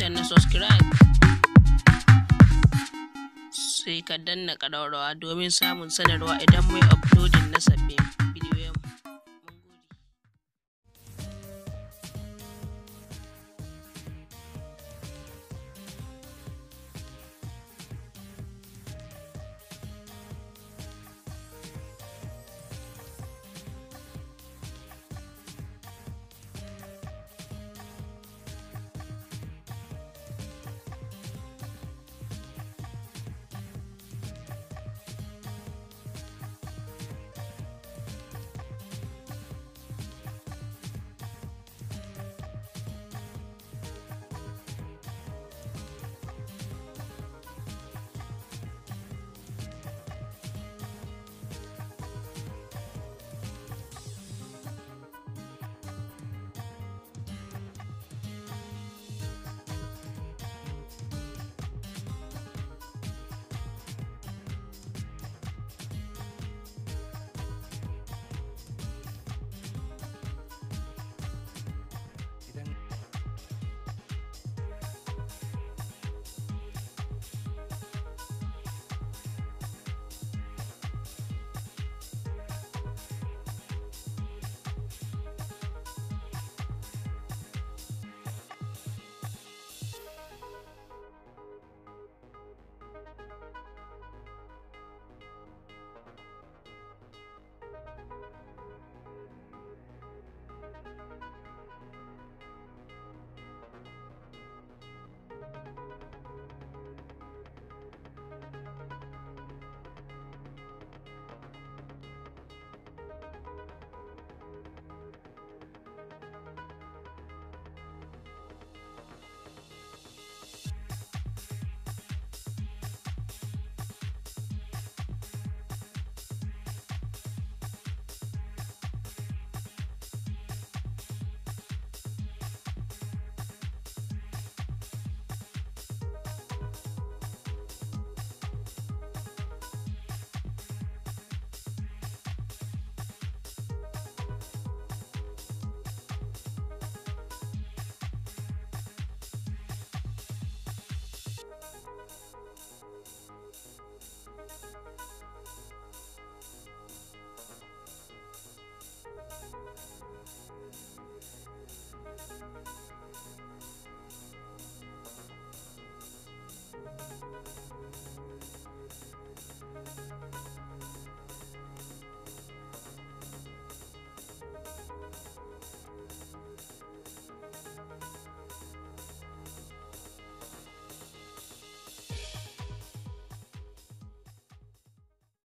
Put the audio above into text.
danna subscribe sai ka danna ƙararrawa domin samun sanarwa idan mai uploading